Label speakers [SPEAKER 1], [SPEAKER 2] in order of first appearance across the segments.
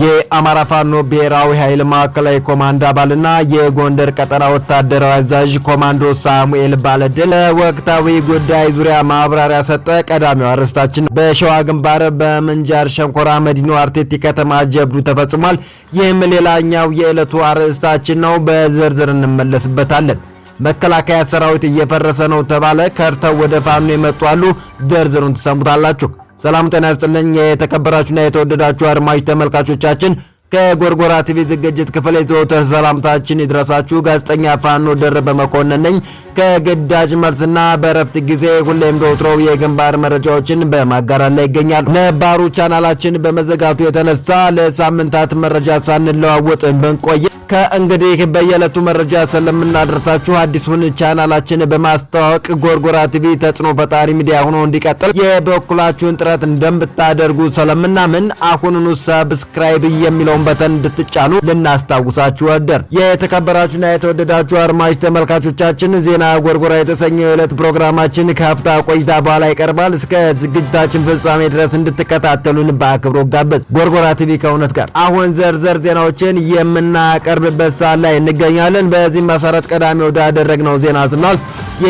[SPEAKER 1] የአማራ ፋኖ ብሔራዊ ኃይል ማዕከላዊ ኮማንዶ አባልና የጎንደር ቀጠና ወታደራዊ አዛዥ ኮማንዶ ሳሙኤል ባለድል ወቅታዊ ጉዳይ ዙሪያ ማብራሪያ ሰጠ። ቀዳሚው አርዕስታችን በሸዋ ግንባር በምንጃር ሸንኮራ መዲኖ አርቴቲ ከተማ ጀብዱ ተፈጽሟል። ይህም ሌላኛው የዕለቱ አርዕስታችን ነው። በዝርዝር እንመለስበታለን። መከላከያ ሰራዊት እየፈረሰ ነው ተባለ። ከርተው ወደ ፋኖ የመጡ አሉ። ዝርዝሩን ትሰሙታላችሁ። ሰላም ጤና ይስጥልኝ። የተከበራችሁና የተወደዳችሁ አድማጭ ተመልካቾቻችን ከጎርጎራ ቲቪ ዝግጅት ክፍል የዘወትር ሰላምታችን ይድረሳችሁ። ጋዜጠኛ ፋኖ ደረበ መኮንን ነኝ። ከግዳጅ መልስና በእረፍት ጊዜ ሁሌም በወትሮው የግንባር መረጃዎችን በማጋራት ላይ ይገኛል። ነባሩ ቻናላችን በመዘጋቱ የተነሳ ለሳምንታት መረጃ ሳንለዋወጥ ብንቆየ ከእንግዲህ በየዕለቱ መረጃ ስለምናደርሳችሁ አዲሱን ቻናላችን በማስተዋወቅ ጎርጎራ ቲቪ ተጽዕኖ ፈጣሪ ሚዲያ ሆኖ እንዲቀጥል የበኩላችሁን ጥረት እንደምታደርጉ ስለምናምን አሁኑኑ ሰብስክራይብ የሚለውን በተን እንድትጫኑ ልናስታውሳችሁ ወደር። የተከበራችሁና የተወደዳችሁ አድማጭ ተመልካቾቻችን ዜና ጎርጎራ የተሰኘው የዕለት ፕሮግራማችን ከሀፍታ ቆይታ በኋላ ይቀርባል። እስከ ዝግጅታችን ፍጻሜ ድረስ እንድትከታተሉን በአክብሮ ጋበዝ። ጎርጎራ ቲቪ ከእውነት ጋር አሁን ዘርዘር ዜናዎችን የምናቀርብ በምንቀርብበት ሰዓት ላይ እንገኛለን። በዚህ መሰረት ቀዳሚ ወዳደረግነው ዜና ስናልፍ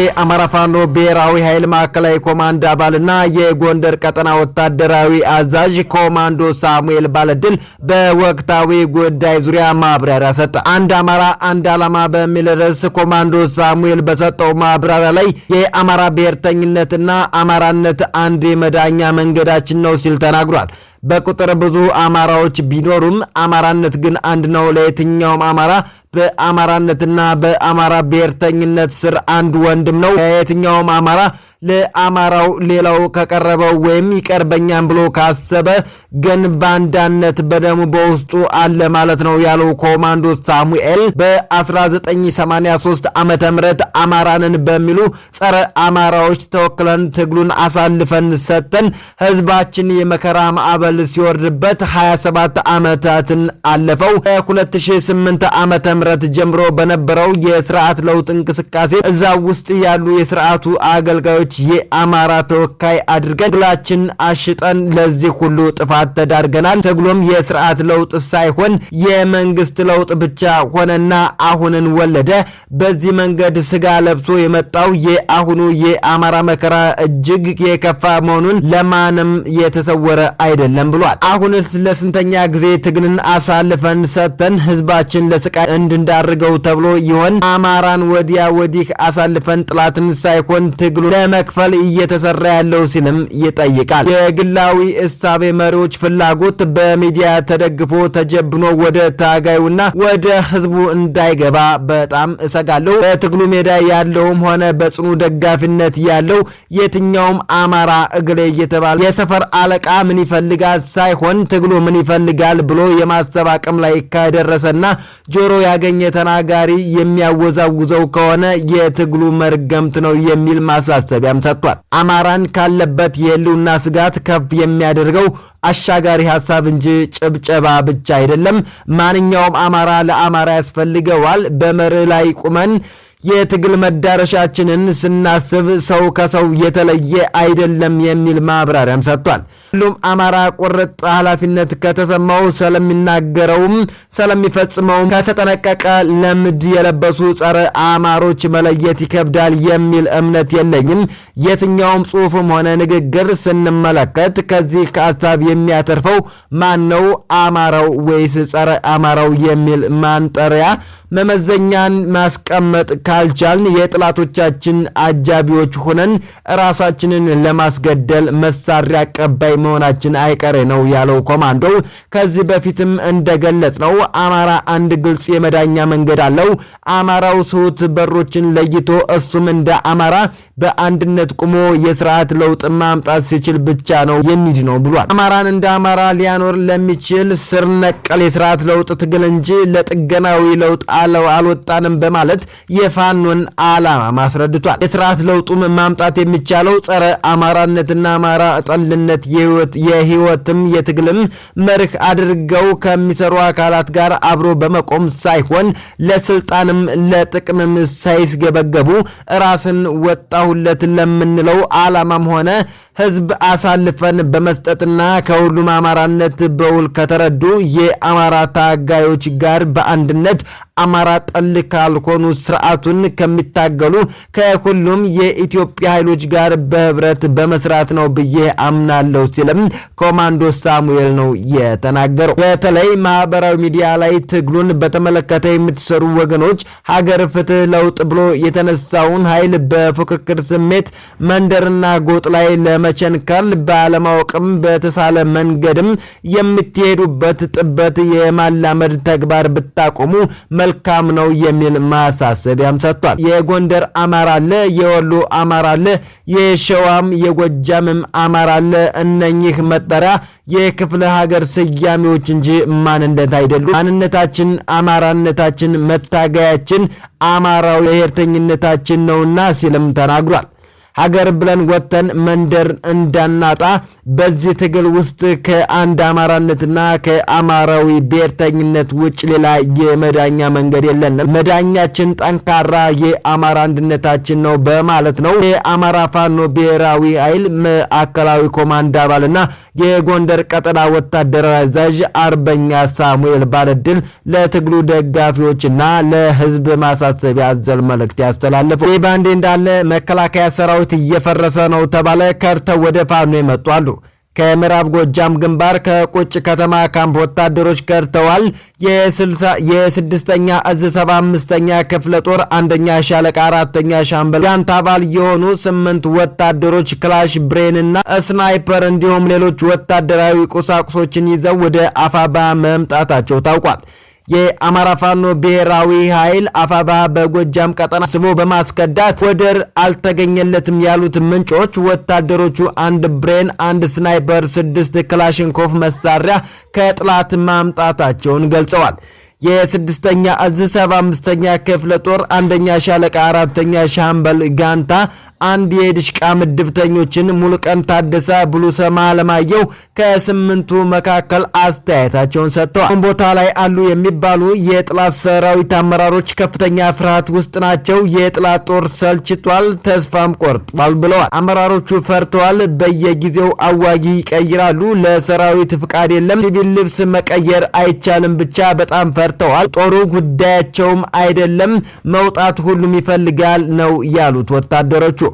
[SPEAKER 1] የአማራ ፋኖ ብሔራዊ ኃይል ማዕከላዊ ኮማንድ አባልና የጎንደር ቀጠና ወታደራዊ አዛዥ ኮማንዶ ሳሙኤል ባለድል በወቅታዊ ጉዳይ ዙሪያ ማብራሪያ ሰጠ። አንድ አማራ አንድ ዓላማ በሚል ርዕስ ኮማንዶ ሳሙኤል በሰጠው ማብራሪያ ላይ የአማራ ብሔርተኝነትና አማራነት አንድ የመዳኛ መንገዳችን ነው ሲል ተናግሯል። በቁጥር ብዙ አማራዎች ቢኖሩም አማራነት ግን አንድ ነው። ለየትኛውም አማራ በአማራነትና በአማራ ብሔርተኝነት ስር አንድ ወንድም ነው። የትኛውም አማራ ለአማራው ሌላው ከቀረበው ወይም ይቀርበኛም ብሎ ካሰበ ግን ባንዳነት በደሙ በውስጡ አለ ማለት ነው ያለው ኮማንዶ ሳሙኤል በ1983 ዓ ም አማራንን በሚሉ ጸረ አማራዎች ተወክለን ትግሉን አሳልፈን ሰጥተን ህዝባችን የመከራ ማዕበል ሲወርድበት 27 ዓመታትን አለፈው። ከ2008 ዓ ም ጀምሮ በነበረው የስርዓት ለውጥ እንቅስቃሴ እዛ ውስጥ ያሉ የስርዓቱ አገልጋዮች ሰዎች የአማራ ተወካይ አድርገን ትግላችን አሽጠን ለዚህ ሁሉ ጥፋት ተዳርገናል። ትግሉም የስርዓት ለውጥ ሳይሆን የመንግስት ለውጥ ብቻ ሆነና አሁንን ወለደ። በዚህ መንገድ ስጋ ለብሶ የመጣው የአሁኑ የአማራ መከራ እጅግ የከፋ መሆኑን ለማንም የተሰወረ አይደለም ብሏል። አሁንስ ለስንተኛ ጊዜ ትግልን አሳልፈን ሰጥተን ህዝባችን ለስቃይ እንድንዳርገው ተብሎ ይሆን? አማራን ወዲያ ወዲህ አሳልፈን ጥላትን ሳይሆን ትግሉ ለመክፈል እየተሰራ ያለው ሲልም ይጠይቃል። የግላዊ እሳቤ መሪዎች ፍላጎት በሚዲያ ተደግፎ ተጀብኖ ወደ ታጋዩና ወደ ህዝቡ እንዳይገባ በጣም እሰጋለሁ። በትግሉ ሜዳ ያለውም ሆነ በጽኑ ደጋፊነት ያለው የትኛውም አማራ እግሌ እየተባለ የሰፈር አለቃ ምን ይፈልጋል ሳይሆን ትግሉ ምን ይፈልጋል ብሎ የማሰብ አቅም ላይ ካደረሰና ጆሮ ያገኘ ተናጋሪ የሚያወዛውዘው ከሆነ የትግሉ መርገምት ነው የሚል ማሳሰቢያ ማብራሪያም ሰጥቷል። አማራን ካለበት የህልውና ስጋት ከፍ የሚያደርገው አሻጋሪ ሀሳብ እንጂ ጭብጨባ ብቻ አይደለም። ማንኛውም አማራ ለአማራ ያስፈልገዋል። በመርህ ላይ ቁመን የትግል መዳረሻችንን ስናስብ ሰው ከሰው የተለየ አይደለም የሚል ማብራሪያም ሰጥቷል። ሁሉም አማራ ቁርጥ ኃላፊነት ከተሰማው ስለሚናገረውም ስለሚፈጽመውም ከተጠነቀቀ ለምድ የለበሱ ጸረ አማሮች መለየት ይከብዳል የሚል እምነት የለኝም። የትኛውም ጽሑፍም ሆነ ንግግር ስንመለከት ከዚህ ከአሳብ የሚያተርፈው ማን ነው? አማራው ወይስ ጸረ አማራው የሚል ማንጠሪያ መመዘኛን ማስቀመጥ ካልቻልን የጥላቶቻችን አጃቢዎች ሆነን ራሳችንን ለማስገደል መሳሪያ ቀባይ መሆናችን አይቀሬ ነው ያለው ኮማንዶው ከዚህ በፊትም እንደገለጽ ነው አማራ አንድ ግልጽ የመዳኛ መንገድ አለው። አማራው ስሁት በሮችን ለይቶ እሱም እንደ አማራ በአንድነት ቁሞ የስርዓት ለውጥ ማምጣት ሲችል ብቻ ነው የሚድ ነው ብሏል። አማራን እንደ አማራ ሊያኖር ለሚችል ስር ነቀል የስርዓት ለውጥ ትግል እንጂ ለጥገናዊ ለውጥ አልወጣንም በማለት የፋኖን ዓላማ ማስረድቷል። የስርዓት ለውጡም ማምጣት የሚቻለው ጸረ አማራነትና አማራ ጠልነት የህይወትም የትግልም መርህ አድርገው ከሚሰሩ አካላት ጋር አብሮ በመቆም ሳይሆን ለስልጣንም ለጥቅምም ሳይስገበገቡ ራስን ወጣሁለት ለምንለው ዓላማም ሆነ ህዝብ አሳልፈን በመስጠትና ከሁሉም አማራነት በውል ከተረዱ የአማራ ታጋዮች ጋር በአንድነት አማራ ጠል ካልሆኑ ስርዓቱን ከሚታገሉ ከሁሉም የኢትዮጵያ ኃይሎች ጋር በህብረት በመስራት ነው ብዬ አምናለሁ ሲልም ኮማንዶ ሳሙኤል ነው የተናገረው። በተለይ ማህበራዊ ሚዲያ ላይ ትግሉን በተመለከተ የምትሰሩ ወገኖች ሀገር፣ ፍትህ፣ ለውጥ ብሎ የተነሳውን ኃይል በፉክክር ስሜት መንደርና ጎጥ ላይ ለመቸንከል ባለማወቅም በተሳለ መንገድም የምትሄዱበት ጥበት የማላመድ ተግባር ብታቆሙ መልካም ነው የሚል ማሳሰቢያም ሰጥቷል። የጎንደር አማራ አለ፣ የወሎ አማራ አለ፣ የሸዋም የጎጃምም አማራ አለ። እነኚህ መጠሪያ የክፍለ ሀገር ስያሜዎች እንጂ ማንነት አይደሉም። ማንነታችን አማራነታችን፣ መታገያችን አማራው ብሔርተኝነታችን ነውና ሲልም ተናግሯል። ሀገር ብለን ወጥተን መንደር እንዳናጣ በዚህ ትግል ውስጥ ከአንድ አማራነትና ከአማራዊ ብሔርተኝነት ውጭ ሌላ የመዳኛ መንገድ የለንም። መዳኛችን ጠንካራ የአማራ አንድነታችን ነው በማለት ነው የአማራ ፋኖ ብሔራዊ ኃይል ማዕከላዊ ኮማንድ አባልና የጎንደር ቀጠና ወታደራዊ አዛዥ አርበኛ ሳሙኤል ባለድል ለትግሉ ደጋፊዎችና ለህዝብ ማሳሰቢያ አዘል መልእክት ያስተላለፈው። ይህ ባንዴ እንዳለ መከላከያ ሰራዊት እየፈረሰ ነው ተባለ። ከርተው ወደ ፋኖ የመጡ አሉ። ከምዕራብ ጎጃም ግንባር ከቁጭ ከተማ ካምፕ ወታደሮች ከድተዋል። የስድስተኛ እዝ ሰባ አምስተኛ ክፍለ ጦር አንደኛ ሻለቃ አራተኛ ሻምበል ጋንት አባል የሆኑ ስምንት ወታደሮች ክላሽ ብሬንና ስናይፐር እንዲሁም ሌሎች ወታደራዊ ቁሳቁሶችን ይዘው ወደ አፋባ መምጣታቸው ታውቋል። የአማራ ፋኖ ብሔራዊ ኃይል አፋባ በጎጃም ቀጠና ስቦ በማስከዳት ወደር አልተገኘለትም ያሉት ምንጮች ወታደሮቹ አንድ ብሬን፣ አንድ ስናይፐር፣ ስድስት ክላሽንኮፍ መሳሪያ ከጥላት ማምጣታቸውን ገልጸዋል። የስድስተኛ እዝ ሰባ አምስተኛ ክፍለ ጦር አንደኛ ሻለቃ አራተኛ ሻምበል ጋንታ አንድ የድሽቃ ምድብተኞችን ሙሉቀን ታደሰ፣ ብሉሰማ አለማየሁ ከስምንቱ መካከል አስተያየታቸውን ሰጥተዋል። ቦታ ላይ አሉ የሚባሉ የጥላት ሰራዊት አመራሮች ከፍተኛ ፍርሃት ውስጥ ናቸው። የጥላት ጦር ሰልችቷል፣ ተስፋም ቆርጧል ብለዋል። አመራሮቹ ፈርተዋል። በየጊዜው አዋጊ ይቀይራሉ። ለሰራዊት ፍቃድ የለም። ሲቪል ልብስ መቀየር አይቻልም። ብቻ በጣም ፈርተዋል። ጦሩ ጉዳያቸውም አይደለም፣ መውጣት ሁሉም ይፈልጋል ነው ያሉት ወታደሮቹ።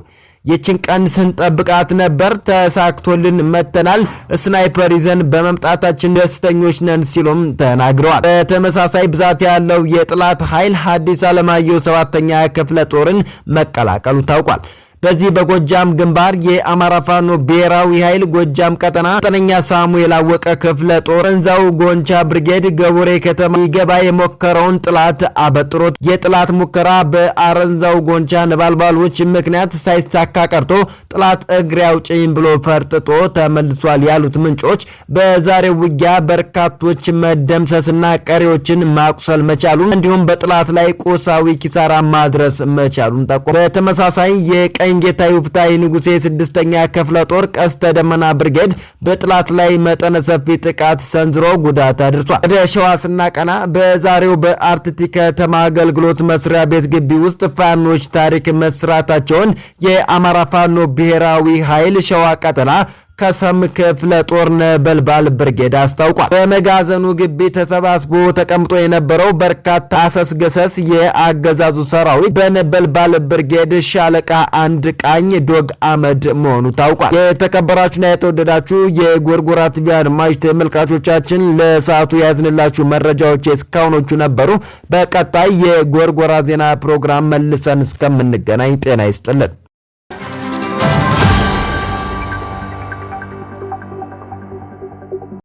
[SPEAKER 1] ይችን ቀን ስንጠብቃት ነበር፣ ተሳክቶልን መተናል። ስናይፐር ይዘን በመምጣታችን ደስተኞች ነን ሲሉም ተናግረዋል። በተመሳሳይ ብዛት ያለው የጥላት ኃይል ሐዲስ ዓለማየሁ ሰባተኛ ክፍለ ጦርን መቀላቀሉ ታውቋል። በዚህ በጎጃም ግንባር የአማራ ፋኖ ብሔራዊ ኃይል ጎጃም ቀጠና ጠነኛ ሳሙኤል አወቀ ክፍለ ጦር እንዛው ጎንቻ ብርጌድ ገቡሬ ከተማ ሊገባ የሞከረውን ጥላት አበጥሮት የጥላት ሙከራ በአረንዛው ጎንቻ ነባልባሎች ምክንያት ሳይሳካ ቀርቶ ጥላት እግሬ አውጪኝ ብሎ ፈርጥጦ ተመልሷል ያሉት ምንጮች በዛሬው ውጊያ በርካቶች መደምሰስና ቀሪዎችን ማቁሰል መቻሉን እንዲሁም በጥላት ላይ ቁሳዊ ኪሳራ ማድረስ መቻሉን ጠቆ በተመሳሳይ የቀ ላይን ጌታ ይፍታይ ንጉሴ ስድስተኛ ክፍለ ጦር ቀስተ ደመና ብርጌድ በጥላት ላይ መጠነ ሰፊ ጥቃት ሰንዝሮ ጉዳት አድርሷል። ወደ ሸዋ ስናቀና በዛሬው በአርቲቲ ከተማ አገልግሎት መስሪያ ቤት ግቢ ውስጥ ፋኖች ታሪክ መስራታቸውን የአማራ ፋኖ ብሔራዊ ኃይል ሸዋ ቀጠና ከሰም ክፍለ ጦር ነበልባል ብርጌድ አስታውቋል። በመጋዘኑ ግቢ ተሰባስቦ ተቀምጦ የነበረው በርካታ አሰስገሰስ የአገዛዙ ሰራዊት በነበልባል ብርጌድ ሻለቃ አንድ ቃኝ ዶግ አመድ መሆኑ ታውቋል። የተከበራችሁና የተወደዳችሁ የጎርጎራ ቲቪ አድማጭ ተመልካቾቻችን ለሰዓቱ ያዝንላችሁ መረጃዎች እስካሁኖቹ ነበሩ። በቀጣይ የጎርጎራ ዜና ፕሮግራም መልሰን እስከምንገናኝ ጤና ይስጥልን።